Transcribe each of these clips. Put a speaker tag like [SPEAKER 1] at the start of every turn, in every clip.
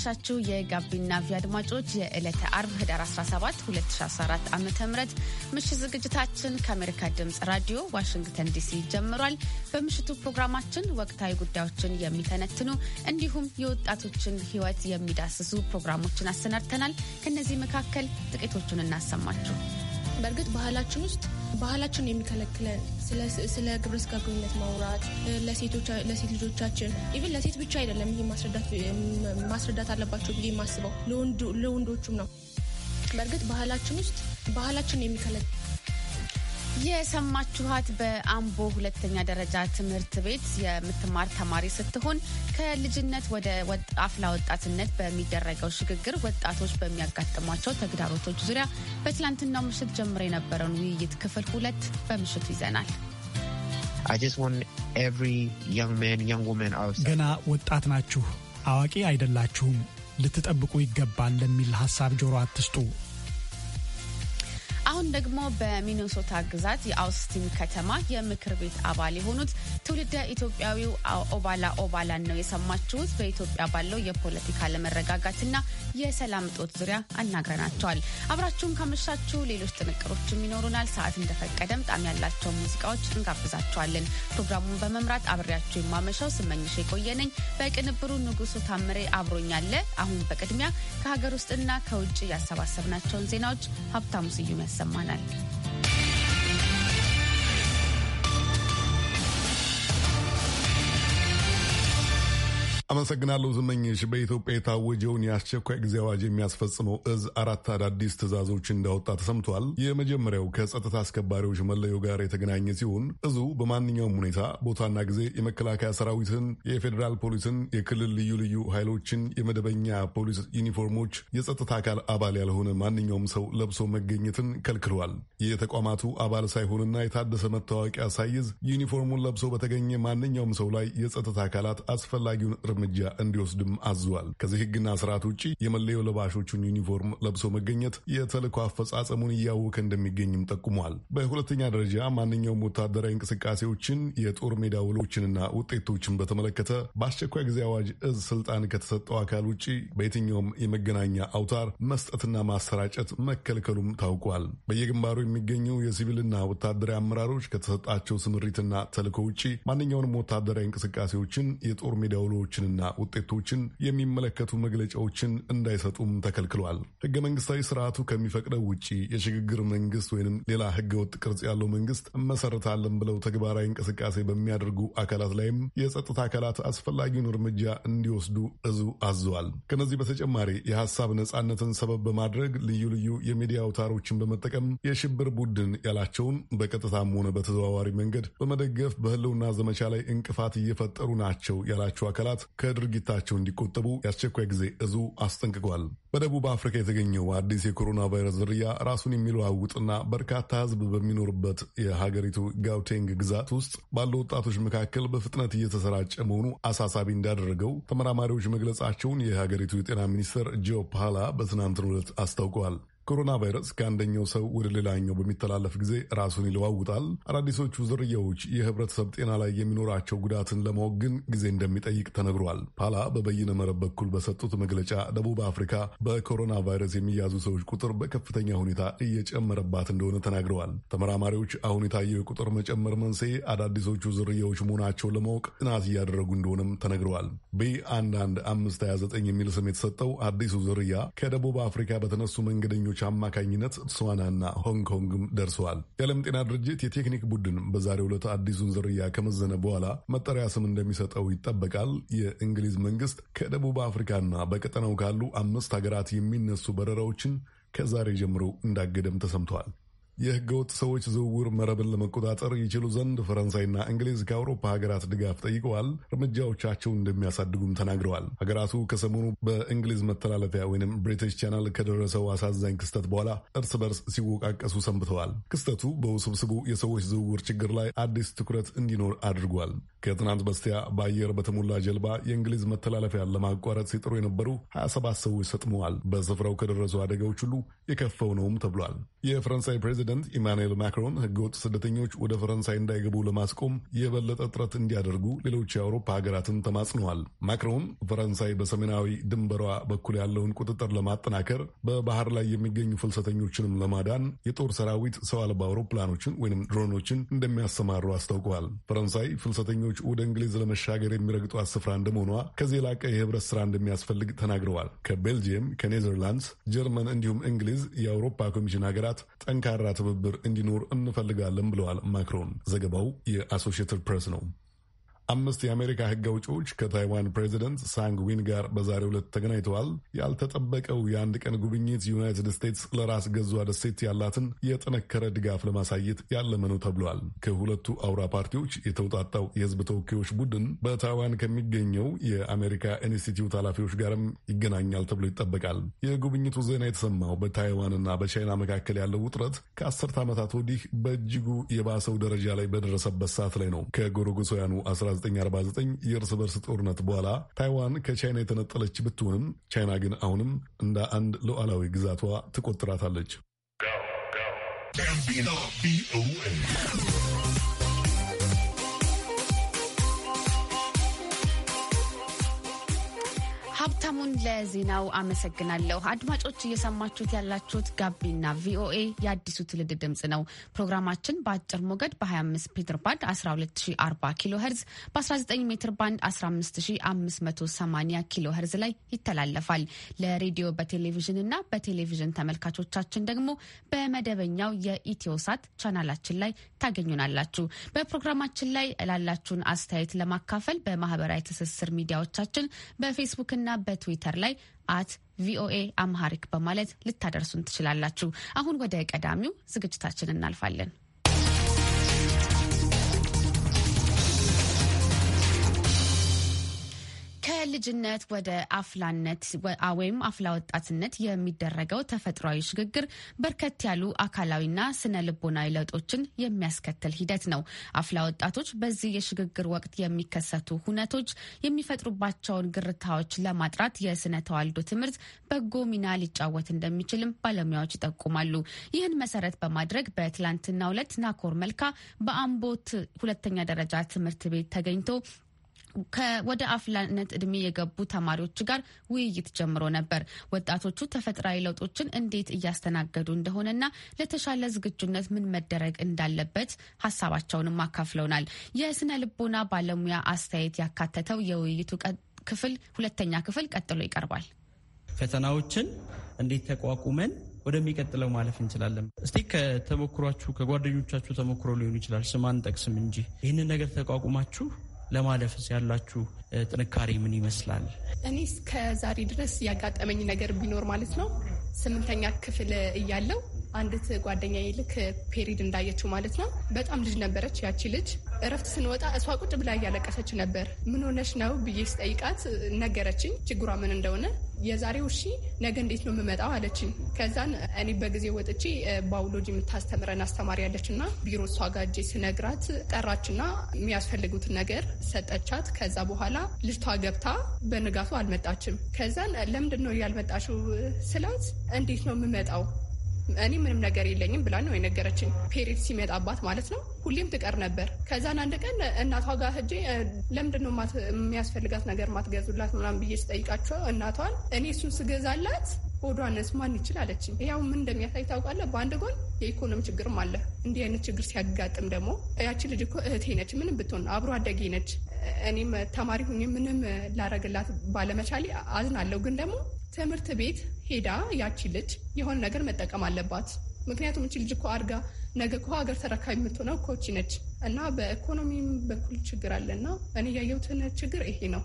[SPEAKER 1] አመሻችሁ የጋቢና ቪ አድማጮች የዕለተ አርብ ህዳር 17 2014 ዓ ም ምሽት ዝግጅታችን ከአሜሪካ ድምፅ ራዲዮ ዋሽንግተን ዲሲ ጀምሯል። በምሽቱ ፕሮግራማችን ወቅታዊ ጉዳዮችን የሚተነትኑ እንዲሁም የወጣቶችን ህይወት የሚዳስሱ ፕሮግራሞችን አሰናድተናል። ከእነዚህ መካከል ጥቂቶቹን እናሰማችሁ።
[SPEAKER 2] በእርግጥ ባህላችን ውስጥ ባህላችን የሚከለክለን ስለ ግብረ ስጋ ግንኙነት ማውራት ለሴት ልጆቻችን ኢቭን ለሴት ብቻ አይደለም። ይህ ማስረዳት አለባቸው ብዬ የማስበው ለወንዶቹም ነው። በእርግጥ ባህላችን ውስጥ ባህላችን የሚከለክለን
[SPEAKER 1] የሰማችኋት በአምቦ ሁለተኛ ደረጃ ትምህርት ቤት የምትማር ተማሪ ስትሆን ከልጅነት ወደ አፍላ ወጣትነት በሚደረገው ሽግግር ወጣቶች በሚያጋጥሟቸው ተግዳሮቶች ዙሪያ በትላንትናው ምሽት ጀምሮ የነበረውን ውይይት ክፍል ሁለት
[SPEAKER 3] በምሽቱ ይዘናል። ገና ወጣት ናችሁ፣ አዋቂ አይደላችሁም፣ ልትጠብቁ ይገባል ለሚል ሀሳብ ጆሮ አትስጡ
[SPEAKER 1] አሁን ደግሞ በሚኒሶታ ግዛት የአውስቲን ከተማ የምክር ቤት አባል የሆኑት ትውልደ ኢትዮጵያዊው ኦባላ ኦባላን ነው የሰማችሁት። በኢትዮጵያ ባለው የፖለቲካ ለመረጋጋትና የሰላም እጦት ዙሪያ አናግረናቸዋል። አብራችሁን ካመሻችሁ ሌሎች ጥንቅሮችም ይኖሩናል። ሰዓት እንደፈቀደም ጣም ያላቸው ሙዚቃዎች እንጋብዛቸዋለን ፕሮግራሙን በመምራት አብሬያችሁ የማመሻው ስመኝሽ የቆየነኝ፣ በቅንብሩ ንጉሱ ታምሬ አብሮኛለ። አሁን በቅድሚያ ከሀገር ውስጥና ከውጭ ያሰባሰብናቸውን ዜናዎች ሀብታሙ ስዩም ያሰ semanal.
[SPEAKER 4] አመሰግናለሁ ዝመኝሽ። በኢትዮጵያ የታወጀውን የአስቸኳይ ጊዜ አዋጅ የሚያስፈጽመው እዝ አራት አዳዲስ ትዕዛዞች እንዳወጣ ተሰምቷል። የመጀመሪያው ከጸጥታ አስከባሪዎች መለዮ ጋር የተገናኘ ሲሆን እዙ በማንኛውም ሁኔታ ቦታና ጊዜ የመከላከያ ሰራዊትን፣ የፌዴራል ፖሊስን፣ የክልል ልዩ ልዩ ኃይሎችን፣ የመደበኛ ፖሊስ ዩኒፎርሞች፣ የጸጥታ አካል አባል ያልሆነ ማንኛውም ሰው ለብሶ መገኘትን ከልክሏል። የተቋማቱ አባል ሳይሆንና የታደሰ መታወቂያ ሳይዝ ዩኒፎርሙን ለብሶ በተገኘ ማንኛውም ሰው ላይ የጸጥታ አካላት አስፈላጊውን እርምጃ እንዲወስድም አዟል። ከዚህ ህግና ስርዓት ውጭ የመለዮ ለባሾቹን ዩኒፎርም ለብሶ መገኘት የተልእኮ አፈጻጸሙን እያወከ እንደሚገኝም ጠቁሟል። በሁለተኛ ደረጃ ማንኛውም ወታደራዊ እንቅስቃሴዎችን፣ የጦር ሜዳ ውሎችንና ውጤቶችን በተመለከተ በአስቸኳይ ጊዜ አዋጅ እዝ ስልጣን ከተሰጠው አካል ውጭ በየትኛውም የመገናኛ አውታር መስጠትና ማሰራጨት መከልከሉም ታውቋል። በየግንባሩ የሚገኙ የሲቪልና ወታደራዊ አመራሮች ከተሰጣቸው ስምሪትና ተልእኮ ውጭ ማንኛውንም ወታደራዊ እንቅስቃሴዎችን፣ የጦር ሜዳ ውሎችን ሂደትንና ውጤቶችን የሚመለከቱ መግለጫዎችን እንዳይሰጡም ተከልክሏል። ህገ መንግስታዊ ስርዓቱ ከሚፈቅደው ውጭ የሽግግር መንግስት ወይንም ሌላ ህገወጥ ቅርጽ ያለው መንግስት እመሰረታለን ብለው ተግባራዊ እንቅስቃሴ በሚያደርጉ አካላት ላይም የጸጥታ አካላት አስፈላጊውን እርምጃ እንዲወስዱ እዙ አዘዋል። ከነዚህ በተጨማሪ የሀሳብ ነጻነትን ሰበብ በማድረግ ልዩ ልዩ የሚዲያ አውታሮችን በመጠቀም የሽብር ቡድን ያላቸውን በቀጥታም ሆነ በተዘዋዋሪ መንገድ በመደገፍ በህልውና ዘመቻ ላይ እንቅፋት እየፈጠሩ ናቸው ያላቸው አካላት ከድርጊታቸው እንዲቆጠቡ የአስቸኳይ ጊዜ እዙ አስጠንቅቋል። በደቡብ አፍሪካ የተገኘው አዲስ የኮሮና ቫይረስ ዝርያ ራሱን የሚለዋውጥና በርካታ ሕዝብ በሚኖርበት የሀገሪቱ ጋውቴንግ ግዛት ውስጥ ባሉ ወጣቶች መካከል በፍጥነት እየተሰራጨ መሆኑ አሳሳቢ እንዳደረገው ተመራማሪዎች መግለጻቸውን የሀገሪቱ የጤና ሚኒስትር ጆ ፓላ በትናንትናው ዕለት አስታውቀዋል። ኮሮና ቫይረስ ከአንደኛው ሰው ወደ ሌላኛው በሚተላለፍ ጊዜ ራሱን ይለዋውጣል። አዳዲሶቹ ዝርያዎች የህብረተሰብ ጤና ላይ የሚኖራቸው ጉዳትን ለማወቅ ግን ጊዜ እንደሚጠይቅ ተነግሯል። ፓላ በበይነ መረብ በኩል በሰጡት መግለጫ ደቡብ አፍሪካ በኮሮና ቫይረስ የሚያዙ ሰዎች ቁጥር በከፍተኛ ሁኔታ እየጨመረባት እንደሆነ ተናግረዋል። ተመራማሪዎች አሁን የታየው የቁጥር መጨመር መንስኤ አዳዲሶቹ ዝርያዎች መሆናቸውን ለማወቅ ጥናት እያደረጉ እንደሆነም ተነግረዋል። ቢ11 የሚል ስም የተሰጠው አዲሱ ዝርያ ከደቡብ አፍሪካ በተነሱ መንገደኞች ጋዜጠኞች አማካኝነት ትስዋናና ሆንግ ኮንግም ደርሰዋል። የዓለም ጤና ድርጅት የቴክኒክ ቡድን በዛሬው ዕለት አዲሱን ዝርያ ከመዘነ በኋላ መጠሪያ ስም እንደሚሰጠው ይጠበቃል። የእንግሊዝ መንግስት ከደቡብ አፍሪካና በቀጠናው ካሉ አምስት ሀገራት የሚነሱ በረራዎችን ከዛሬ ጀምሮ እንዳገደም ተሰምተዋል። የህገወጥ ሰዎች ዝውውር መረብን ለመቆጣጠር ይችሉ ዘንድ ፈረንሳይና እንግሊዝ ከአውሮፓ ሀገራት ድጋፍ ጠይቀዋል። እርምጃዎቻቸውን እንደሚያሳድጉም ተናግረዋል። ሀገራቱ ከሰሞኑ በእንግሊዝ መተላለፊያ ወይም ብሪቲሽ ቻናል ከደረሰው አሳዛኝ ክስተት በኋላ እርስ በርስ ሲወቃቀሱ ሰንብተዋል። ክስተቱ በውስብስቡ የሰዎች ዝውውር ችግር ላይ አዲስ ትኩረት እንዲኖር አድርጓል። ከትናንት በስቲያ በአየር በተሞላ ጀልባ የእንግሊዝ መተላለፊያን ለማቋረጥ ሲጥሩ የነበሩ 27 ሰዎች ሰጥመዋል። በስፍራው ከደረሱ አደጋዎች ሁሉ የከፈው ነውም ተብሏል። የፈረንሳይ ፕሬዚደንት ፕሬዚደንት ኢማኑኤል ማክሮን ህገወጥ ስደተኞች ወደ ፈረንሳይ እንዳይገቡ ለማስቆም የበለጠ ጥረት እንዲያደርጉ ሌሎች የአውሮፓ ሀገራትን ተማጽነዋል። ማክሮን ፈረንሳይ በሰሜናዊ ድንበሯ በኩል ያለውን ቁጥጥር ለማጠናከር፣ በባህር ላይ የሚገኙ ፍልሰተኞችንም ለማዳን የጦር ሰራዊት ሰው አልባ አውሮፕላኖችን ወይም ድሮኖችን እንደሚያሰማሩ አስታውቀዋል። ፈረንሳይ ፍልሰተኞች ወደ እንግሊዝ ለመሻገር የሚረግጧት ስፍራ እንደመሆኗ ከዚህ የላቀ የህብረት ስራ እንደሚያስፈልግ ተናግረዋል። ከቤልጅየም፣ ከኔዘርላንድስ፣ ጀርመን እንዲሁም እንግሊዝ የአውሮፓ ኮሚሽን ሀገራት ጠንካራ የጋራ ትብብር እንዲኖር እንፈልጋለን ብለዋል ማክሮን። ዘገባው የአሶሺየትድ ፕሬስ ነው። አምስት የአሜሪካ ሕግ አውጪዎች ከታይዋን ፕሬዚደንት ሳንግዊን ጋር በዛሬው ዕለት ተገናኝተዋል። ያልተጠበቀው የአንድ ቀን ጉብኝት ዩናይትድ ስቴትስ ለራስ ገዟ ደሴት ያላትን የጠነከረ ድጋፍ ለማሳየት ያለመ ነው ተብሏል። ከሁለቱ አውራ ፓርቲዎች የተውጣጣው የህዝብ ተወካዮች ቡድን በታይዋን ከሚገኘው የአሜሪካ ኢንስቲትዩት ኃላፊዎች ጋርም ይገናኛል ተብሎ ይጠበቃል። የጉብኝቱ ዜና የተሰማው በታይዋንና በቻይና መካከል ያለው ውጥረት ከአስርት ዓመታት ወዲህ በእጅጉ የባሰው ደረጃ ላይ በደረሰበት ሰዓት ላይ ነው። ከጎረጎሳውያኑ 1949 የእርስ በርስ ጦርነት በኋላ ታይዋን ከቻይና የተነጠለች ብትሆንም ቻይና ግን አሁንም እንደ አንድ ሉዓላዊ ግዛቷ ትቆጥራታለች።
[SPEAKER 1] ሀብታሙ እንግዳዬን ለዜናው አመሰግናለሁ። አድማጮች እየሰማችሁት ያላችሁት ጋቢና ቪኦኤ የአዲሱ ትውልድ ድምጽ ነው። ፕሮግራማችን በአጭር ሞገድ በ25 ሜትር ባንድ 1240 ኪሎ ሄርዝ፣ በ19 ሜትር ባንድ 15580 ኪሎ ሄርዝ ላይ ይተላለፋል። ለሬዲዮ በቴሌቪዥን እና በቴሌቪዥን ተመልካቾቻችን ደግሞ በመደበኛው የኢትዮሳት ቻናላችን ላይ ታገኙናላችሁ። በፕሮግራማችን ላይ ላላችሁን አስተያየት ለማካፈል በማህበራዊ ትስስር ሚዲያዎቻችን በፌስቡክና በትዊተር ትዊተር ላይ አት ቪኦኤ አምሃሪክ በማለት ልታደርሱን ትችላላችሁ። አሁን ወደ ቀዳሚው ዝግጅታችን እናልፋለን። ከልጅነት ወደ አፍላነት ወይም አፍላ ወጣትነት የሚደረገው ተፈጥሯዊ ሽግግር በርከት ያሉ አካላዊና ስነ ልቦናዊ ለውጦችን የሚያስከትል ሂደት ነው። አፍላ ወጣቶች በዚህ የሽግግር ወቅት የሚከሰቱ ሁነቶች የሚፈጥሩባቸውን ግርታዎች ለማጥራት የስነ ተዋልዶ ትምህርት በጎ ሚና ሊጫወት እንደሚችልም ባለሙያዎች ይጠቁማሉ። ይህን መሰረት በማድረግ በትላንትናው ዕለት ናኮር መልካ በአምቦት ሁለተኛ ደረጃ ትምህርት ቤት ተገኝቶ ወደ አፍላነት እድሜ የገቡ ተማሪዎች ጋር ውይይት ጀምሮ ነበር። ወጣቶቹ ተፈጥሯዊ ለውጦችን እንዴት እያስተናገዱ እንደሆነና ለተሻለ ዝግጁነት ምን መደረግ እንዳለበት ሀሳባቸውንም አካፍለውናል። የስነ ልቦና ባለሙያ አስተያየት ያካተተው የውይይቱ ክፍል ሁለተኛ ክፍል ቀጥሎ ይቀርባል።
[SPEAKER 5] ፈተናዎችን እንዴት ተቋቁመን ወደሚቀጥለው ማለፍ እንችላለን። እስቲ ከተሞክሯችሁ ከጓደኞቻችሁ ተሞክሮ ሊሆን ይችላል፣ ስም አንጠቅስም እንጂ ይህንን ነገር ተቋቁማችሁ ለማለፍ ያላችሁ ጥንካሬ ምን ይመስላል?
[SPEAKER 6] እኔ እስከ ዛሬ ድረስ ያጋጠመኝ ነገር ቢኖር ማለት ነው ስምንተኛ ክፍል እያለው አንዲት ጓደኛ ልክ ፔሪድ እንዳየችው ማለት ነው። በጣም ልጅ ነበረች ያቺ ልጅ። እረፍት ስንወጣ እሷ ቁጭ ብላ እያለቀሰች ነበር። ምን ሆነች ነው ብዬ ስጠይቃት ነገረችኝ ችግሯ ምን እንደሆነ። የዛሬው እሺ ነገ እንዴት ነው የምመጣው አለችኝ። ከዛን እኔ በጊዜ ወጥቼ ባዮሎጂ የምታስተምረን አስተማሪ ያለች እና ቢሮ እሷ ጋጄ ስነግራት ጠራችና የሚያስፈልጉትን ነገር ሰጠቻት። ከዛ በኋላ ልጅቷ ገብታ በንጋቱ አልመጣችም። ከዛን ለምንድን ነው ያልመጣችው ስላት እንዴት ነው የምመጣው እኔ ምንም ነገር የለኝም ብላ ነው የነገረችን። ፔሪድ ሲመጣባት ማለት ነው ሁሌም ትቀር ነበር። ከዛን አንድ ቀን እናቷ ጋር ሂጄ ለምንድን የሚያስፈልጋት ነገር ማትገዙላት ምናምን ብዬ ስጠይቃቸው እናቷን እኔ እሱን ስገዛላት ሆዷንስ ማን ይችል አለችኝ። ያው ምን እንደሚያሳይ ታውቃለህ። በአንድ ጎን የኢኮኖሚ ችግርም አለ። እንዲህ አይነት ችግር ሲያጋጥም ደግሞ ያቺ ልጅ እኮ እህቴ ነች፣ ምንም ብትሆን አብሮ አደጌ ነች። እኔም ተማሪ ሁኜ ምንም ላረግላት ባለመቻሌ አዝናለሁ። ግን ደግሞ ትምህርት ቤት ሄዳ ያቺ ልጅ የሆነ ነገር መጠቀም አለባት። ምክንያቱም እቺ ልጅ እኮ አድጋ ነገ እኮ ሀገር ተረካቢ የምትሆነው እኮ ነች እና በኢኮኖሚም በኩል ችግር አለ እኔ ያየውትን ችግር ይሄ ነው።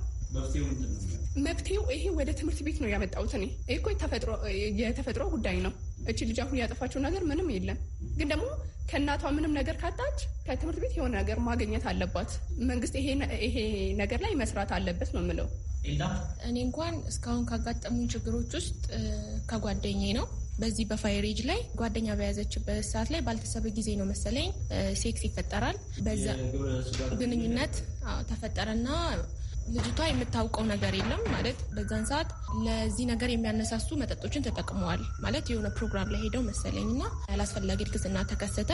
[SPEAKER 6] መፍትሄው ይሄ ወደ ትምህርት ቤት ነው ያመጣሁት እኔ። ይሄ እኮ የተፈጥሮ ጉዳይ ነው። እቺ ልጅ አሁን ያጠፋችው ነገር ምንም የለም። ግን ደግሞ ከእናቷ ምንም ነገር ካጣች ከትምህርት ቤት የሆነ ነገር ማግኘት አለባት። መንግስት ይሄ ነገር ላይ መስራት አለበት ነው የምለው።
[SPEAKER 2] እኔ እንኳን እስካሁን ካጋጠሙኝ ችግሮች ውስጥ ከጓደኛ ነው። በዚህ በፋይሬጅ ላይ ጓደኛ በያዘችበት ሰዓት ላይ ባልተሰበ ጊዜ ነው መሰለኝ ሴክስ ይፈጠራል። በዛ ግንኙነት ተፈጠረና ልጅቷ የምታውቀው ነገር የለም ማለት በዛን ሰዓት ለዚህ ነገር የሚያነሳሱ መጠጦችን ተጠቅመዋል ማለት የሆነ ፕሮግራም ላይ ሄደው መሰለኝ እና ያላስፈላጊ እርግዝና ተከሰተ።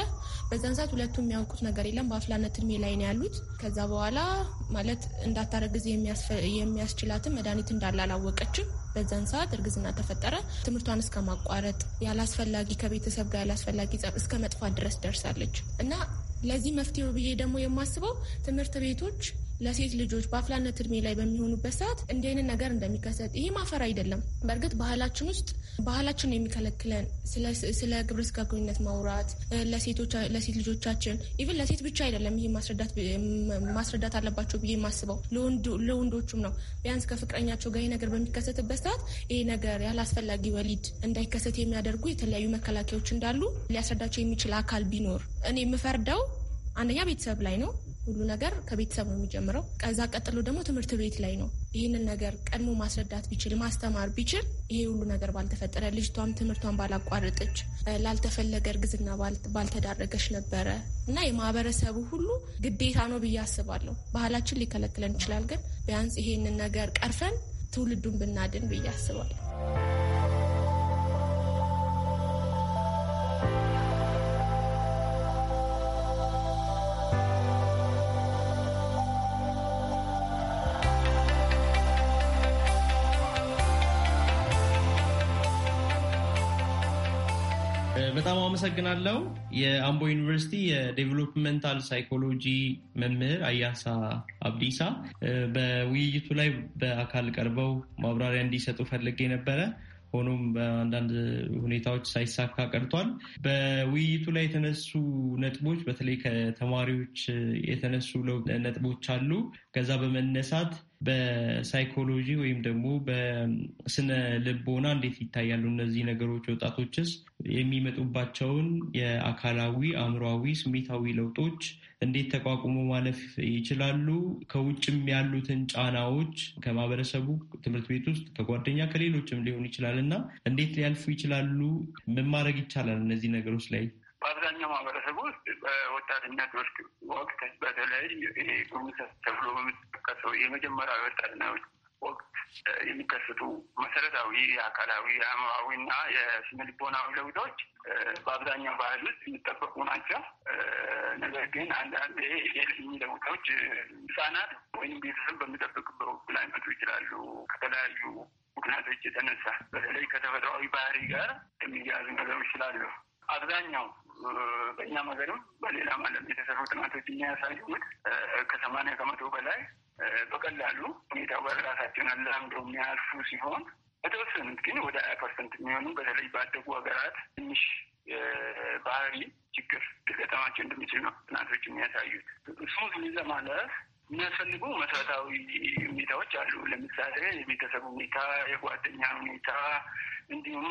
[SPEAKER 2] በዛን ሰዓት ሁለቱም የሚያውቁት ነገር የለም። በአፍላነት እድሜ ላይ ነው ያሉት። ከዛ በኋላ ማለት እንዳታረግዝ የሚያስችላትን መድኃኒት እንዳለ አላወቀችም። በዛን ሰዓት እርግዝና ተፈጠረ። ትምህርቷን እስከ ማቋረጥ ያላስፈላጊ ከቤተሰብ ጋር ያላስፈላጊ ጸብ እስከ መጥፋት ድረስ ደርሳለች እና ለዚህ መፍትሄው ብዬ ደግሞ የማስበው ትምህርት ቤቶች ለሴት ልጆች በአፍላነት እድሜ ላይ በሚሆኑበት ሰዓት እንዲህ አይነት ነገር እንደሚከሰት ይሄ ማፈር አይደለም። በእርግጥ ባህላችን ውስጥ ባህላችን የሚከለክለን ስለ ግብረ ስጋ ግንኙነት ማውራት ለሴት ልጆቻችን ኢቭን ለሴት ብቻ አይደለም። ይሄ ማስረዳት አለባቸው ብዬ የማስበው ለወንዶቹም ነው። ቢያንስ ከፍቅረኛቸው ጋር ይሄ ነገር በሚከሰትበት ሰዓት ይሄ ነገር ያላስፈላጊ ወሊድ እንዳይከሰት የሚያደርጉ የተለያዩ መከላከያዎች እንዳሉ ሊያስረዳቸው የሚችል አካል ቢኖር እኔ የምፈርደው አንደኛ ቤተሰብ ላይ ነው። ሁሉ ነገር ከቤተሰብ ነው የሚጀምረው። ከዛ ቀጥሎ ደግሞ ትምህርት ቤት ላይ ነው። ይህንን ነገር ቀድሞ ማስረዳት ቢችል ማስተማር ቢችል ይሄ ሁሉ ነገር ባልተፈጠረ፣ ልጅቷም ትምህርቷን ባላቋረጠች፣ ላልተፈለገ እርግዝና ባልተዳረገች ነበረ እና የማህበረሰቡ ሁሉ ግዴታ ነው ብዬ አስባለሁ። ባህላችን ሊከለክለን ይችላል፣ ግን ቢያንስ ይሄንን ነገር ቀርፈን ትውልዱን ብናድን ብዬ አስባለሁ።
[SPEAKER 5] በጣም አመሰግናለሁ። የአምቦ ዩኒቨርሲቲ የዴቨሎፕመንታል ሳይኮሎጂ መምህር አያሳ አብዲሳ በውይይቱ ላይ በአካል ቀርበው ማብራሪያ እንዲሰጡ ፈልጌ ነበረ። ሆኖም በአንዳንድ ሁኔታዎች ሳይሳካ ቀርቷል። በውይይቱ ላይ የተነሱ ነጥቦች በተለይ ከተማሪዎች የተነሱ ነጥቦች አሉ። ከዛ በመነሳት በሳይኮሎጂ ወይም ደግሞ በስነ ልቦና እንዴት ይታያሉ እነዚህ ነገሮች? ወጣቶችስ የሚመጡባቸውን የአካላዊ አእምሯዊ፣ ስሜታዊ ለውጦች እንዴት ተቋቁሞ ማለፍ ይችላሉ? ከውጭም ያሉትን ጫናዎች ከማህበረሰቡ፣ ትምህርት ቤት ውስጥ፣ ከጓደኛ ከሌሎችም ሊሆን ይችላል እና እንዴት ሊያልፉ ይችላሉ? ምን ማድረግ ይቻላል እነዚህ ነገሮች ላይ?
[SPEAKER 7] በአብዛኛው ማህበረሰቡ በወጣትነት ወቅት ወቅት በተለይ ይሄ ጉሙዝ ተብሎ በምትጠቀሰው የመጀመሪያ ወጣትነት ወቅት የሚከሰቱ መሰረታዊ የአካላዊ የአእምሯዊ እና የስነልቦናዊ ለውጦች በአብዛኛው ባህል ውስጥ የሚጠበቁ ናቸው። ነገር ግን አንዳንድ የልኝ ለውጦች ህጻናት ወይም ቤተሰብ በሚጠብቅበት ወቅት ላይመጡ ይችላሉ ከተለያዩ ምክንያቶች የተነሳ በተለይ ከተፈጥሯዊ ባህሪ ጋር የሚያያዙ ነገሮች ስላሉ አብዛኛው በእኛ ሀገርም በሌላም ዓለም የተሰሩ ጥናቶች የሚያሳዩት ከሰማንያ ከመቶ በላይ በቀላሉ ሁኔታው በራሳቸውን አላምዶ የሚያልፉ ሲሆን በተወሰኑት ግን ወደ ሀያ ፐርሰንት የሚሆኑ በተለይ ባደጉ ሀገራት ትንሽ ባህሪ ችግር ሊገጠማቸው እንደሚችል ነው ጥናቶች የሚያሳዩት። ስሙዝሊ ለማለፍ የሚያስፈልጉ መሰረታዊ ሁኔታዎች አሉ። ለምሳሌ የቤተሰብ ሁኔታ፣ የጓደኛ ሁኔታ እንዲሁም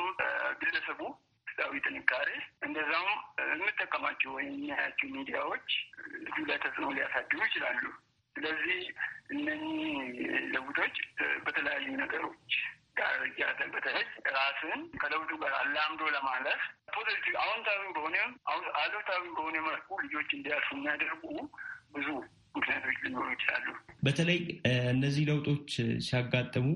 [SPEAKER 7] ግለሰቡ ዳዊ ጥንካሬ እንደዛም የምጠቀማቸው ወይም የሚያያቸው ሚዲያዎች ልጁ ላይ ተጽዕኖ ሊያሳድሩ ይችላሉ። ስለዚህ እነኚህ ለውጦች በተለያዩ ነገሮች ጋር በተለይ ራስን ከለውጡ ጋር አላምዶ ለማለፍ ፖዘቲቭ አዎንታዊ በሆነ አሉታዊ በሆነ መልኩ ልጆች እንዲያርሱ የሚያደርጉ ብዙ ምክንያቶች ሊኖሩ ይችላሉ።
[SPEAKER 5] በተለይ እነዚህ ለውጦች ሲያጋጥሙ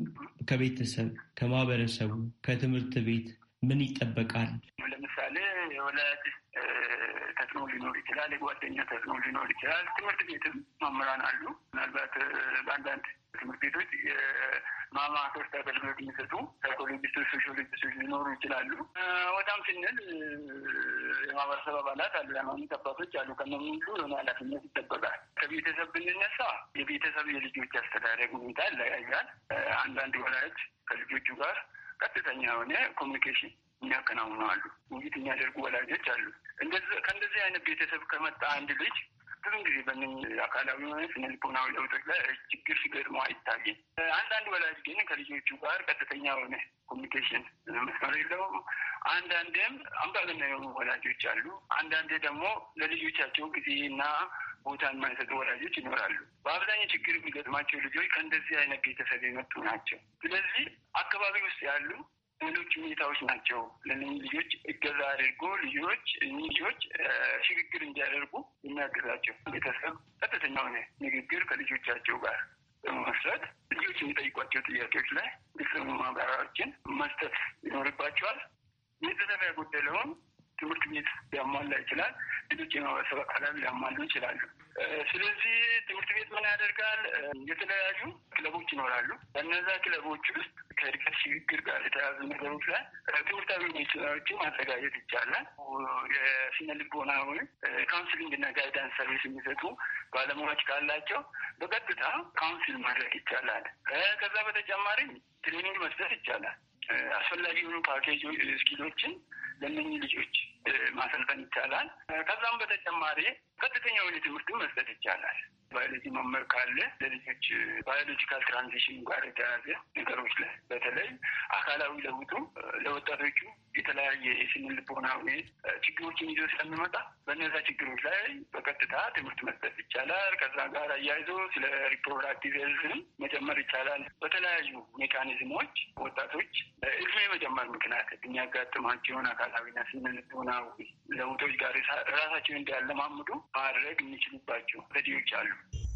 [SPEAKER 5] ከቤተሰብ፣ ከማህበረሰቡ፣ ከትምህርት ቤት ምን ይጠበቃል?
[SPEAKER 7] ለምሳሌ የወላጅ ተጽዕኖ ሊኖር ይችላል። የጓደኛ ተጽዕኖ ሊኖር ይችላል። ትምህርት ቤትም መምህራን አሉ። ምናልባት በአንዳንድ ትምህርት ቤቶች የማማ ሶስት አገልግሎት የሚሰጡ ሳይኮሎጂስቶች፣ ሶሽሎጂስቶች ሊኖሩ ይችላሉ። ወጣም ስንል የማህበረሰብ አባላት አሉ፣ ሃይማኖት አባቶች አሉ። ከነም ሁሉ የሆነ ኃላፊነት ይጠበቃል። ከቤተሰብ ብንነሳ የቤተሰብ የልጆች አስተዳደግ ሁኔታ ይለያያል። አንዳንድ ወላጅ ከልጆቹ ጋር ቀጥተኛ የሆነ ኮሚኒኬሽን የሚያከናውኑ አሉ፣ ውይይት የሚያደርጉ ወላጆች አሉ። ከእንደዚህ አይነት ቤተሰብ ከመጣ አንድ ልጅ ብዙ ጊዜ በምን አካላዊ ሆነ ስነልቦናዊ ለውጦች ላይ ችግር ሲገጥሞ አይታይም። አንዳንድ ወላጅ ግን ከልጆቹ ጋር ቀጥተኛ የሆነ ኮሚኒኬሽን መስመር የለውም። አንዳንዴም አምባገነን የሆኑ ወላጆች አሉ። አንዳንዴ ደግሞ ለልጆቻቸው ጊዜና ቦታ የማይሰጡ ወላጆች ይኖራሉ። በአብዛኛው ችግር የሚገጥማቸው ልጆች ከእንደዚህ አይነት ቤተሰብ የመጡ ናቸው። ስለዚህ አካባቢ ውስጥ ያሉ ሌሎች ሁኔታዎች ናቸው ለእነዚህ ልጆች እገዛ አድርጎ ልጆች እኚህ ልጆች ሽግግር እንዲያደርጉ የሚያገዛቸው ቤተሰብ ቀጥተኛ ሆነ ንግግር ከልጆቻቸው ጋር በመመስረት ልጆች የሚጠይቋቸው ጥያቄዎች ላይ ግልጽ ማብራሪያዎችን መስጠት ይኖርባቸዋል። ቤተሰብ ያጎደለውን ትምህርት ቤት ሊያሟላ ይችላል። ሌሎች የማህበረሰብ አካላት ሊያሟሉ ይችላሉ። ስለዚህ ትምህርት ቤት ምን ያደርጋል? የተለያዩ ክለቦች ይኖራሉ። በእነዛ ክለቦች ውስጥ ከእድገት ሽግግር ጋር የተያዙ ነገሮች ላይ ትምህርታዊ ሚስራዎችን ማዘጋጀት ይቻላል። የስነ ልቦና ወይም ካውንስሊንግ እና ጋይዳንስ ሰርቪስ የሚሰጡ ባለሙያዎች ካላቸው በቀጥታ ካውንስል ማድረግ ይቻላል። ከዛ በተጨማሪ ትሬኒንግ መስጠት ይቻላል። አስፈላጊ የሆኑ ፓኬጅ ስኪሎችን ለእነኚህ ልጆች ማሰልጠን ይቻላል። ከዛም በተጨማሪ ቀጥተኛውን ትምህርትን መስጠት ይቻላል። ባዮሎጂ መመር ካለ ለልጆች ባዮሎጂካል ትራንዚሽን ጋር የተያዘ ነገሮች ላይ በተለይ አካላዊ ለውጡ ለወጣቶቹ የተለያየ የስነ ልቦና ችግሮችን ይዞ ስለሚመጣ በእነዛ ችግሮች ላይ በቀጥታ ትምህርት መስጠት ይቻላል። ከዛ ጋር አያይዞ ስለ ሪፕሮዳክቲቭ ሄልዝም መጨመር ይቻላል። በተለያዩ ሜካኒዝሞች ወጣቶች እድሜ መጨመር ምክንያት የሚያጋጥማቸውን አካላዊና ስነ ልቦና ለውጦች ጋር ራሳቸውን እንዲያለማምዱ ማድረግ የሚችሉባቸው ዘዴዎች አሉ።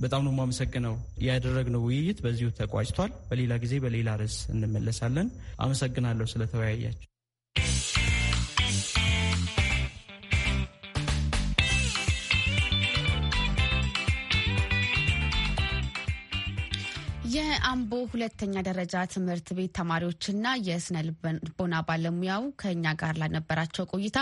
[SPEAKER 5] በጣም ነው የማመሰግነው። ያደረግነው ውይይት በዚሁ ተቋጭቷል። በሌላ ጊዜ በሌላ ርዕስ እንመለሳለን። አመሰግናለሁ ስለተወያያቸው። Thank you.
[SPEAKER 1] የአምቦ ሁለተኛ ደረጃ ትምህርት ቤት ተማሪዎችና የስነ ልቦና ባለሙያው ከእኛ ጋር ላነበራቸው ቆይታ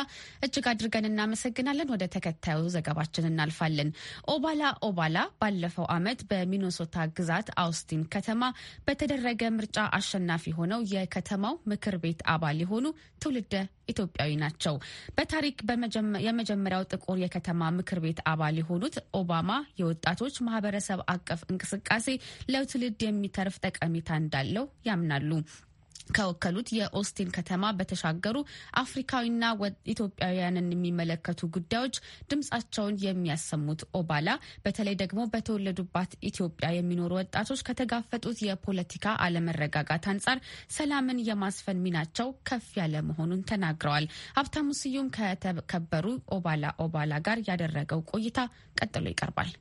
[SPEAKER 1] እጅግ አድርገን እናመሰግናለን። ወደ ተከታዩ ዘገባችን እናልፋለን። ኦባላ ኦባላ ባለፈው ዓመት በሚኒሶታ ግዛት አውስቲን ከተማ በተደረገ ምርጫ አሸናፊ ሆነው የከተማው ምክር ቤት አባል የሆኑ ትውልደ ኢትዮጵያዊ ናቸው። በታሪክ የመጀመሪያው ጥቁር የከተማ ምክር ቤት አባል የሆኑት ኦባማ የወጣቶች ማህበረሰብ አቀፍ እንቅስቃሴ ለትውልድ የሚ የሚተርፍ ጠቀሜታ እንዳለው ያምናሉ። ከወከሉት የኦስቲን ከተማ በተሻገሩ አፍሪካዊና ኢትዮጵያውያንን የሚመለከቱ ጉዳዮች ድምጻቸውን የሚያሰሙት ኦባላ በተለይ ደግሞ በተወለዱባት ኢትዮጵያ የሚኖሩ ወጣቶች ከተጋፈጡት የፖለቲካ አለመረጋጋት አንጻር ሰላምን የማስፈን ሚናቸው ከፍ ያለ መሆኑን ተናግረዋል። ሀብታሙ ስዩም ከተከበሩ ኦባላ ኦባላ ጋር ያደረገው ቆይታ ቀጥሎ
[SPEAKER 4] ይቀርባል።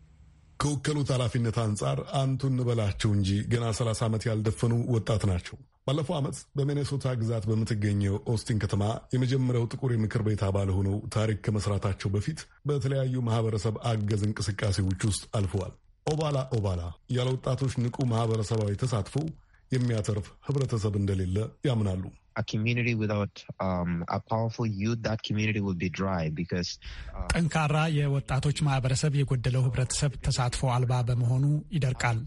[SPEAKER 4] ከወከሉት ኃላፊነት አንጻር አንቱን እንበላቸው እንጂ ገና 30 ዓመት ያልደፈኑ ወጣት ናቸው። ባለፈው ዓመት በሚኔሶታ ግዛት በምትገኘው ኦስቲን ከተማ የመጀመሪያው ጥቁር የምክር ቤት አባል ሆነው ታሪክ ከመስራታቸው በፊት በተለያዩ ማህበረሰብ አገዝ እንቅስቃሴዎች ውስጥ አልፈዋል። ኦባላ ኦባላ ያለ ወጣቶች ንቁ ማህበረሰባዊ ተሳትፎ የሚያተርፍ ህብረተሰብ እንደሌለ ያምናሉ።
[SPEAKER 3] ጠንካራ የወጣቶች ማህበረሰብ የጎደለው ህብረተሰብ ተሳትፎ አልባ በመሆኑ ይደርቃል።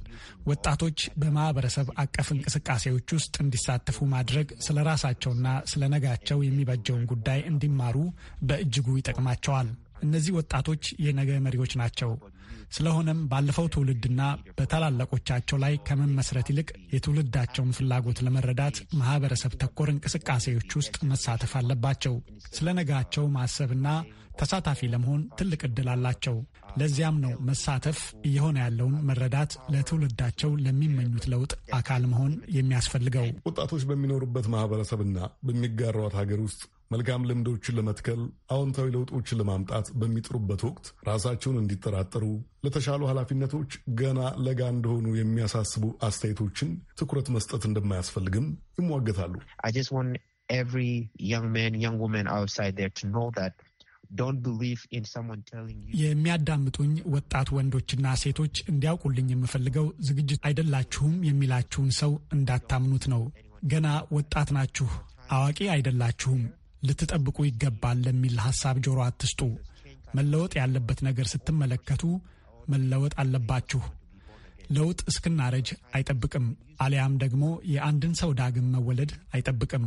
[SPEAKER 3] ወጣቶች በማህበረሰብ አቀፍ እንቅስቃሴዎች ውስጥ እንዲሳተፉ ማድረግ ስለ ራሳቸውና ስለ ነጋቸው የሚበጀውን ጉዳይ እንዲማሩ በእጅጉ ይጠቅማቸዋል። እነዚህ ወጣቶች የነገ መሪዎች ናቸው። ስለሆነም ባለፈው ትውልድና በታላላቆቻቸው ላይ ከመመስረት ይልቅ የትውልዳቸውን ፍላጎት ለመረዳት ማህበረሰብ ተኮር እንቅስቃሴዎች ውስጥ መሳተፍ አለባቸው። ስለ ነጋቸው ማሰብና ተሳታፊ ለመሆን ትልቅ እድል አላቸው። ለዚያም ነው መሳተፍ፣ እየሆነ ያለውን መረዳት፣ ለትውልዳቸው ለሚመኙት ለውጥ አካል
[SPEAKER 4] መሆን የሚያስፈልገው። ወጣቶች በሚኖሩበት ማህበረሰብና በሚጋሯት ሀገር ውስጥ መልካም ልምዶችን ለመትከል አዎንታዊ ለውጦችን ለማምጣት በሚጥሩበት ወቅት ራሳቸውን እንዲጠራጠሩ፣ ለተሻሉ ኃላፊነቶች ገና ለጋ እንደሆኑ የሚያሳስቡ አስተያየቶችን ትኩረት መስጠት እንደማያስፈልግም ይሟገታሉ።
[SPEAKER 3] የሚያዳምጡኝ ወጣት ወንዶችና ሴቶች እንዲያውቁልኝ የምፈልገው ዝግጅት አይደላችሁም የሚላችሁን ሰው እንዳታምኑት ነው። ገና ወጣት ናችሁ፣ አዋቂ አይደላችሁም ልትጠብቁ ይገባል ለሚል ሐሳብ ጆሮ አትስጡ። መለወጥ ያለበት ነገር ስትመለከቱ መለወጥ አለባችሁ። ለውጥ እስክናረጅ አይጠብቅም፣ አሊያም ደግሞ የአንድን ሰው ዳግም መወለድ አይጠብቅም።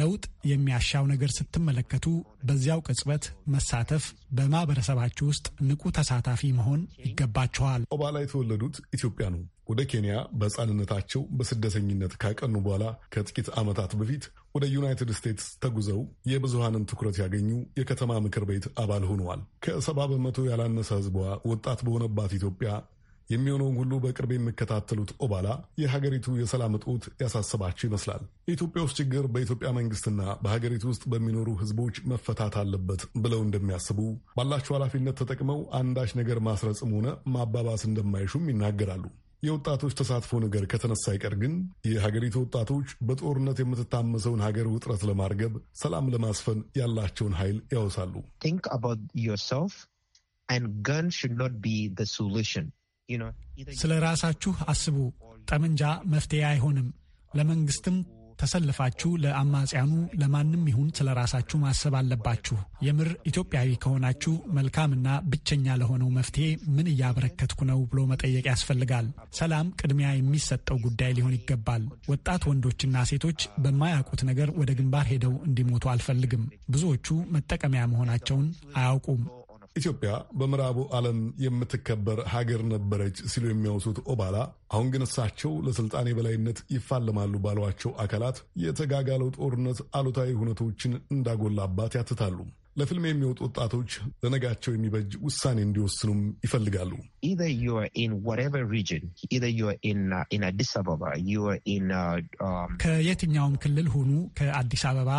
[SPEAKER 3] ለውጥ የሚያሻው ነገር ስትመለከቱ በዚያው ቅጽበት መሳተፍ፣ በማህበረሰባችሁ ውስጥ ንቁ ተሳታፊ
[SPEAKER 4] መሆን ይገባችኋል። ኦባላ የተወለዱት ኢትዮጵያ ነው። ወደ ኬንያ በሕፃንነታቸው በስደተኝነት ካቀኑ በኋላ ከጥቂት ዓመታት በፊት ወደ ዩናይትድ ስቴትስ ተጉዘው የብዙሃንን ትኩረት ያገኙ የከተማ ምክር ቤት አባል ሆነዋል። ከሰባ በመቶ ያላነሰ ህዝቧ ወጣት በሆነባት ኢትዮጵያ የሚሆነውን ሁሉ በቅርብ የሚከታተሉት ኦባላ የሀገሪቱ የሰላም እጦት ያሳሰባቸው ይመስላል። የኢትዮጵያ ውስጥ ችግር በኢትዮጵያ መንግስትና በሀገሪቱ ውስጥ በሚኖሩ ህዝቦች መፈታት አለበት ብለው እንደሚያስቡ ባላቸው ኃላፊነት ተጠቅመው አንዳች ነገር ማስረጽም ሆነ ማባባስ እንደማይሹም ይናገራሉ። የወጣቶች ተሳትፎ ነገር ከተነሳ አይቀር ግን የሀገሪቱ ወጣቶች በጦርነት የምትታመሰውን ሀገር ውጥረት ለማርገብ፣ ሰላም ለማስፈን ያላቸውን ኃይል ያወሳሉ።
[SPEAKER 3] ስለ ራሳችሁ አስቡ። ጠመንጃ መፍትሄ አይሆንም። ለመንግስትም ተሰልፋችሁ ለአማጽያኑ ለማንም ይሁን ስለ ራሳችሁ ማሰብ አለባችሁ። የምር ኢትዮጵያዊ ከሆናችሁ መልካምና ብቸኛ ለሆነው መፍትሄ ምን እያበረከትኩ ነው ብሎ መጠየቅ ያስፈልጋል። ሰላም ቅድሚያ የሚሰጠው ጉዳይ ሊሆን ይገባል። ወጣት ወንዶችና ሴቶች በማያውቁት ነገር ወደ ግንባር ሄደው እንዲሞቱ አልፈልግም። ብዙዎቹ መጠቀሚያ መሆናቸውን
[SPEAKER 4] አያውቁም። ኢትዮጵያ በምዕራቡ ዓለም የምትከበር ሀገር ነበረች ሲሉ የሚያወሱት ኦባላ አሁን ግን እሳቸው ለስልጣን የበላይነት ይፋለማሉ ባሏቸው አካላት የተጋጋለው ጦርነት አሉታዊ ሁነቶችን እንዳጎላባት ያትታሉ። ለፊልም የሚወጡ ወጣቶች ለነጋቸው የሚበጅ ውሳኔ እንዲወስኑም ይፈልጋሉ።
[SPEAKER 5] uh, uh, um,
[SPEAKER 3] ከየትኛውም ክልል ሁኑ፣ ከአዲስ አበባ፣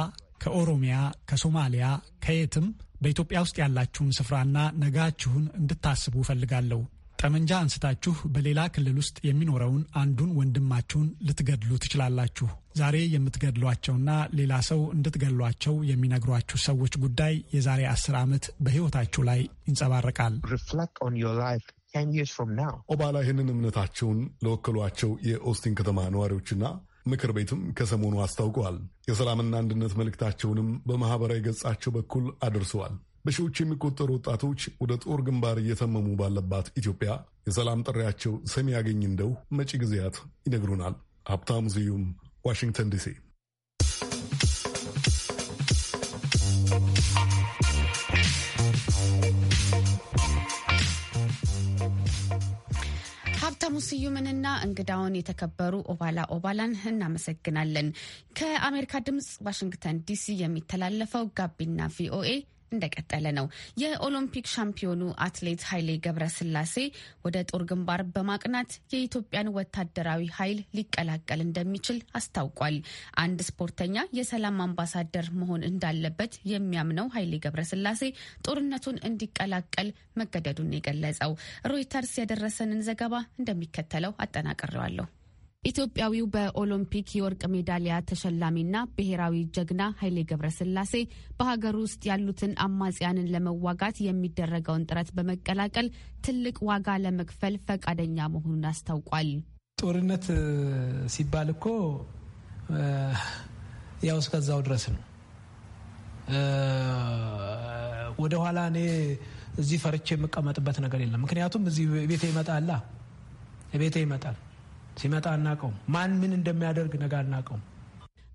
[SPEAKER 3] ከኦሮሚያ፣ ከሶማሊያ፣ ከየትም በኢትዮጵያ ውስጥ ያላችሁን ስፍራና ነጋችሁን እንድታስቡ እፈልጋለሁ። ጠመንጃ አንስታችሁ በሌላ ክልል ውስጥ የሚኖረውን አንዱን ወንድማችሁን ልትገድሉ ትችላላችሁ። ዛሬ የምትገድሏቸውና ሌላ ሰው እንድትገድሏቸው የሚነግሯችሁ ሰዎች ጉዳይ የዛሬ አስር ዓመት በሕይወታችሁ ላይ ይንጸባረቃል።
[SPEAKER 4] ኦባላ ይህንን እምነታቸውን ለወከሏቸው የኦስቲን ከተማ ነዋሪዎችና ምክር ቤትም ከሰሞኑ አስታውቀዋል። የሰላምና አንድነት መልእክታቸውንም በማኅበራዊ ገጻቸው በኩል አድርሰዋል። በሺዎች የሚቆጠሩ ወጣቶች ወደ ጦር ግንባር እየተመሙ ባለባት ኢትዮጵያ የሰላም ጥሪያቸው ሰሚ ያገኝ እንደው መጪ ጊዜያት ይነግሩናል። ሀብታሙ ስዩም ዋሽንግተን ዲሲ
[SPEAKER 1] ና እንግዳውን የተከበሩ ኦባላ ኦባላን እናመሰግናለን። ከአሜሪካ ድምጽ ዋሽንግተን ዲሲ የሚተላለፈው ጋቢና ቪኦኤ እንደቀጠለ ነው። የኦሎምፒክ ሻምፒዮኑ አትሌት ኃይሌ ገብረስላሴ ወደ ጦር ግንባር በማቅናት የኢትዮጵያን ወታደራዊ ኃይል ሊቀላቀል እንደሚችል አስታውቋል። አንድ ስፖርተኛ የሰላም አምባሳደር መሆን እንዳለበት የሚያምነው ኃይሌ ገብረስላሴ ጦርነቱን እንዲቀላቀል መገደዱን የገለጸው ሮይተርስ የደረሰንን ዘገባ እንደሚከተለው አጠናቅሬዋለሁ። ኢትዮጵያዊው በኦሎምፒክ የወርቅ ሜዳሊያ ተሸላሚና ብሔራዊ ጀግና ኃይሌ ገብረስላሴ በሀገር ውስጥ ያሉትን አማጽያንን ለመዋጋት የሚደረገውን ጥረት በመቀላቀል ትልቅ ዋጋ ለመክፈል ፈቃደኛ መሆኑን አስታውቋል።
[SPEAKER 3] ጦርነት ሲባል እኮ ያው እስከዛው ድረስ ነው። ወደኋላ እኔ እዚህ ፈርቼ የምቀመጥበት ነገር የለም። ምክንያቱም እዚህ ቤቴ ይመጣላ ቤቴ ይመጣል ሲመጣ አናቀውም። ማን ምን እንደሚያደርግ ነገ አናቀውም።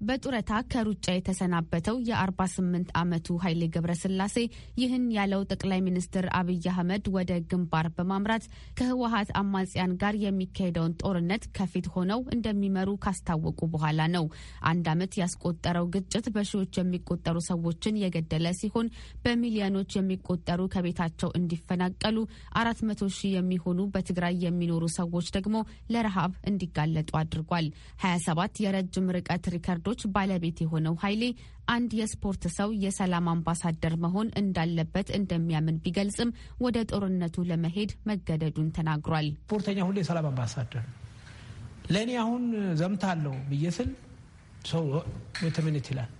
[SPEAKER 1] በጡረታ ከሩጫ የተሰናበተው የ48 ዓመቱ ኃይሌ ገብረስላሴ ይህን ያለው ጠቅላይ ሚኒስትር አብይ አህመድ ወደ ግንባር በማምራት ከህወሀት አማጽያን ጋር የሚካሄደውን ጦርነት ከፊት ሆነው እንደሚመሩ ካስታወቁ በኋላ ነው። አንድ ዓመት ያስቆጠረው ግጭት በሺዎች የሚቆጠሩ ሰዎችን የገደለ ሲሆን በሚሊዮኖች የሚቆጠሩ ከቤታቸው እንዲፈናቀሉ፣ አራት ሺህ የሚሆኑ በትግራይ የሚኖሩ ሰዎች ደግሞ ለረሃብ እንዲጋለጡ አድርጓል። 27 የረጅም ርቀት ሪከርዶ ልምዶች ባለቤት የሆነው ኃይሌ አንድ የስፖርት ሰው የሰላም አምባሳደር መሆን እንዳለበት እንደሚያምን ቢገልጽም ወደ ጦርነቱ ለመሄድ መገደዱን ተናግሯል።
[SPEAKER 3] ስፖርተኛ ሁሌ የሰላም አምባሳደር ነው። ለእኔ አሁን ዘምታለሁ ብዬ ስል ሰው ወተምንት ይላል።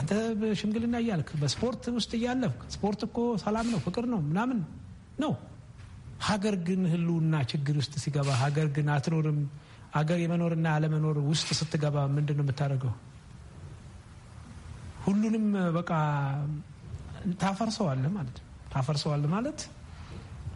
[SPEAKER 3] አንተ ሽምግልና እያልክ በስፖርት ውስጥ እያለፍክ ስፖርት እኮ ሰላም ነው፣ ፍቅር ነው፣ ምናምን ነው። ሀገር ግን ህልውና ችግር ውስጥ ሲገባ ሀገር ግን አትኖርም አገር የመኖርና አለመኖር ውስጥ ስትገባ ምንድን ነው የምታደርገው? ሁሉንም በቃ ታፈርሰዋለህ ማለት ታፈርሰዋለህ ማለት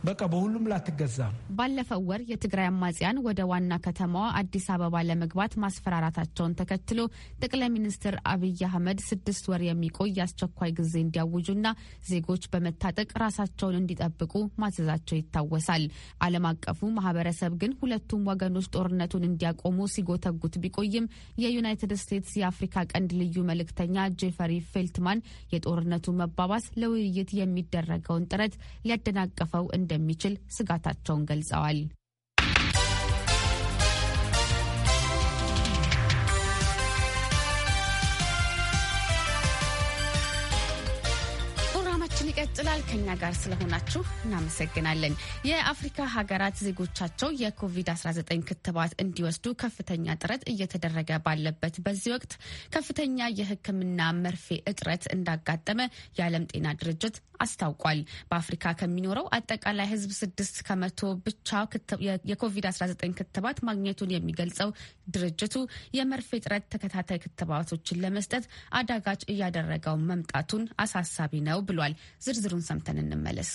[SPEAKER 3] በቃ በሁሉም ላትገዛ።
[SPEAKER 1] ባለፈው ወር የትግራይ አማጽያን ወደ ዋና ከተማዋ አዲስ አበባ ለመግባት ማስፈራራታቸውን ተከትሎ ጠቅላይ ሚኒስትር አብይ አህመድ ስድስት ወር የሚቆይ የአስቸኳይ ጊዜ እንዲያውጁና ዜጎች በመታጠቅ ራሳቸውን እንዲጠብቁ ማዘዛቸው ይታወሳል። ዓለም አቀፉ ማህበረሰብ ግን ሁለቱም ወገኖች ጦርነቱን እንዲያቆሙ ሲጎተጉት ቢቆይም የዩናይትድ ስቴትስ የአፍሪካ ቀንድ ልዩ መልእክተኛ ጄፈሪ ፌልትማን የጦርነቱ መባባስ ለውይይት የሚደረገውን ጥረት ሊያደናቀፈው እንደ እንደሚችል ስጋታቸውን ገልጸዋል። ይቀጥላል። ከኛ ጋር ስለሆናችሁ እናመሰግናለን። የአፍሪካ ሀገራት ዜጎቻቸው የኮቪድ-19 ክትባት እንዲወስዱ ከፍተኛ ጥረት እየተደረገ ባለበት በዚህ ወቅት ከፍተኛ የሕክምና መርፌ እጥረት እንዳጋጠመ የዓለም ጤና ድርጅት አስታውቋል። በአፍሪካ ከሚኖረው አጠቃላይ ሕዝብ ስድስት ከመቶ ብቻ የኮቪድ-19 ክትባት ማግኘቱን የሚገልጸው ድርጅቱ የመርፌ እጥረት ተከታታይ ክትባቶችን ለመስጠት አዳጋች እያደረገው
[SPEAKER 8] መምጣቱን አሳሳቢ ነው ብሏል። ዝርዝሩ ዝርዝሩን ሰምተን እንመለስ።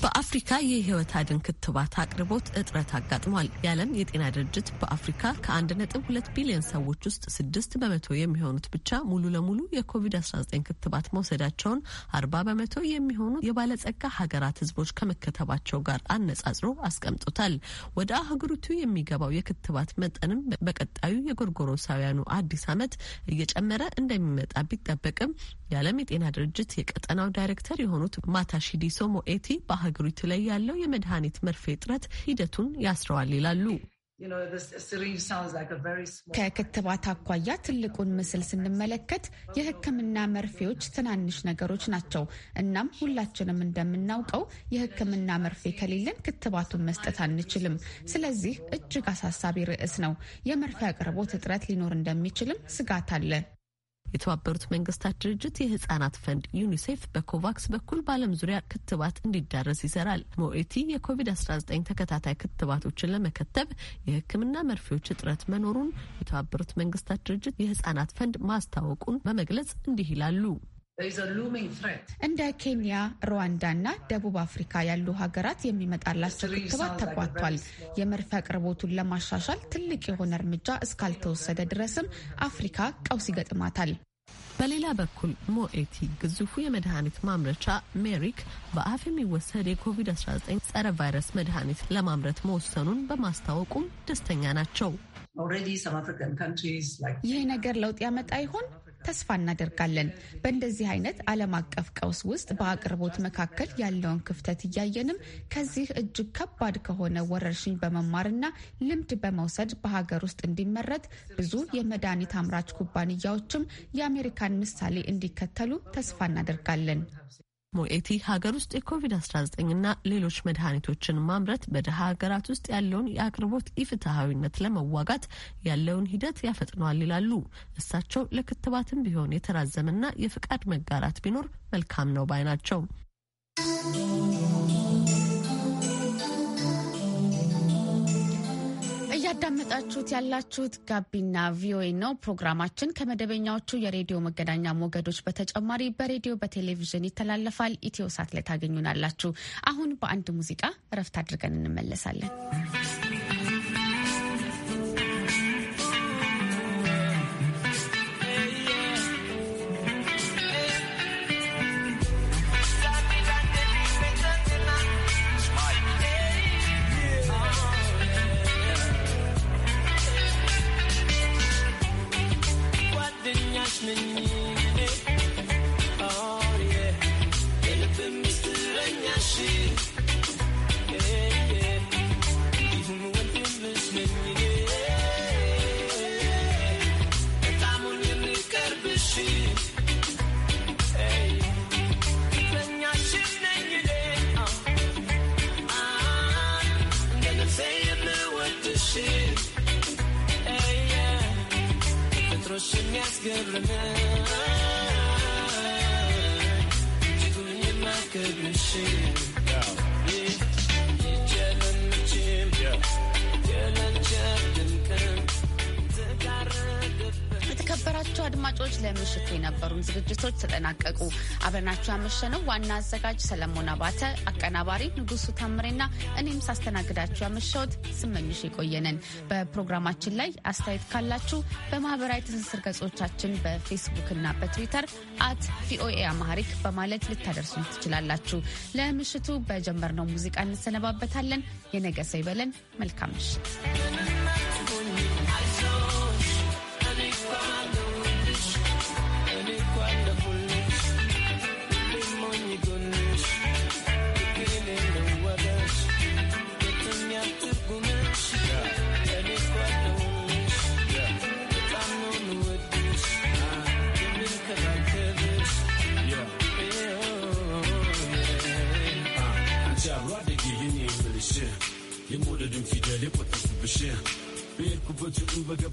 [SPEAKER 8] በአፍሪካ የህይወት አድን ክትባት አቅርቦት እጥረት አጋጥሟል። የዓለም የጤና ድርጅት በአፍሪካ ከ1.2 ቢሊዮን ሰዎች ውስጥ 6 በመቶ የሚሆኑት ብቻ ሙሉ ለሙሉ የኮቪድ-19 ክትባት መውሰዳቸውን 40 በመቶ የሚሆኑ የባለጸጋ ሀገራት ህዝቦች ከመከተባቸው ጋር አነጻጽሮ አስቀምጦታል። ወደ አህጉሪቱ የሚገባው የክትባት መጠንም በቀጣዩ የጎርጎሮሳውያኑ አዲስ ዓመት እየጨመረ እንደሚመጣ ቢጠበቅም የዓለም የጤና ድርጅት የቀጠናው ዳይሬክተር የሆኑት ማታሺዲሶ ሞኤቲ ሀገሪቱ ላይ ያለው የመድኃኒት መርፌ እጥረት ሂደቱን ያስረዋል ይላሉ። ከክትባት አኳያ ትልቁን ምስል ስንመለከት የሕክምና መርፌዎች
[SPEAKER 1] ትናንሽ ነገሮች ናቸው። እናም ሁላችንም እንደምናውቀው የሕክምና መርፌ ከሌለን ክትባቱን መስጠት አንችልም። ስለዚህ እጅግ አሳሳቢ ርዕስ ነው። የመርፌ
[SPEAKER 8] አቅርቦት እጥረት ሊኖር እንደሚችልም ስጋት አለ። የተባበሩት መንግስታት ድርጅት የህጻናት ፈንድ ዩኒሴፍ በኮቫክስ በኩል በዓለም ዙሪያ ክትባት እንዲዳረስ ይሰራል። ሞኤቲ የኮቪድ-19 ተከታታይ ክትባቶችን ለመከተብ የህክምና መርፌዎች እጥረት መኖሩን የተባበሩት መንግስታት ድርጅት የህጻናት ፈንድ ማስታወቁን በመግለጽ እንዲህ ይላሉ።
[SPEAKER 1] እንደ ኬንያ፣ ሩዋንዳ እና ደቡብ አፍሪካ ያሉ ሀገራት የሚመጣላቸው ክትባት ተጓቷል። የመርፌ አቅርቦቱን ለማሻሻል ትልቅ የሆነ እርምጃ
[SPEAKER 8] እስካልተወሰደ ድረስም አፍሪካ ቀውስ ይገጥማታል። በሌላ በኩል ሞኤቲ ግዙፉ የመድኃኒት ማምረቻ ሜሪክ በአፍ የሚወሰድ የኮቪድ-19 ጸረ ቫይረስ መድኃኒት ለማምረት መወሰኑን በማስታወቁም ደስተኛ ናቸው። ይህ ነገር ለውጥ ያመጣ ይሆን? ተስፋ እናደርጋለን። በእንደዚህ
[SPEAKER 1] አይነት ዓለም አቀፍ ቀውስ ውስጥ በአቅርቦት መካከል ያለውን ክፍተት እያየንም ከዚህ እጅግ ከባድ ከሆነ ወረርሽኝ በመማርና ልምድ በመውሰድ በሀገር ውስጥ እንዲመረት ብዙ የመድኃኒት አምራች ኩባንያዎችም የአሜሪካን ምሳሌ እንዲከተሉ
[SPEAKER 8] ተስፋ እናደርጋለን። ሞኤቲ ሀገር ውስጥ የኮቪድ-19ና ሌሎች መድኃኒቶችን ማምረት በድሀ ሀገራት ውስጥ ያለውን የአቅርቦት ኢፍትሐዊነት ለመዋጋት ያለውን ሂደት ያፈጥነዋል ይላሉ። እሳቸው ለክትባትም ቢሆን የተራዘመና የፍቃድ መጋራት ቢኖር መልካም ነው ባይ ናቸው።
[SPEAKER 1] እያዳመጣችሁት ያላችሁት ጋቢና ቪኦኤ ነው። ፕሮግራማችን ከመደበኛዎቹ የሬዲዮ መገናኛ ሞገዶች በተጨማሪ በሬዲዮ በቴሌቪዥን ይተላለፋል። ኢትዮ ሳት ላይ ታገኙናላችሁ። አሁን በአንድ ሙዚቃ እረፍት አድርገን እንመለሳለን። ፕሮግራም ዝግጅቶች ተጠናቀቁ። አብረናችሁ ያመሸነው ዋና አዘጋጅ ሰለሞን አባተ፣ አቀናባሪ ንጉሱ ታምሬና እኔም ሳስተናግዳችሁ ያመሸሁት ስመኝሽ የቆየነን። በፕሮግራማችን ላይ አስተያየት ካላችሁ በማህበራዊ ትስስር ገጾቻችን በፌስቡክ በትዊተር አት ቪኦኤ አማሪክ በማለት ልታደርሱን ትችላላችሁ። ለምሽቱ በጀመርነው ሙዚቃ እንሰነባበታለን። የነገ ሰው ይበለን። መልካም ምሽት።
[SPEAKER 9] الانفجار يبغى تحس بالشيء بيركب وجهه بقى